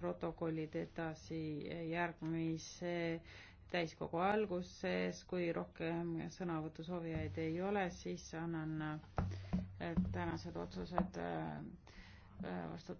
protokollid edasi järgmise täiskogu alguses, kui rohkem sõnavõtusoovijaid ei ole, siis annan äh, tänased otsused äh, vastu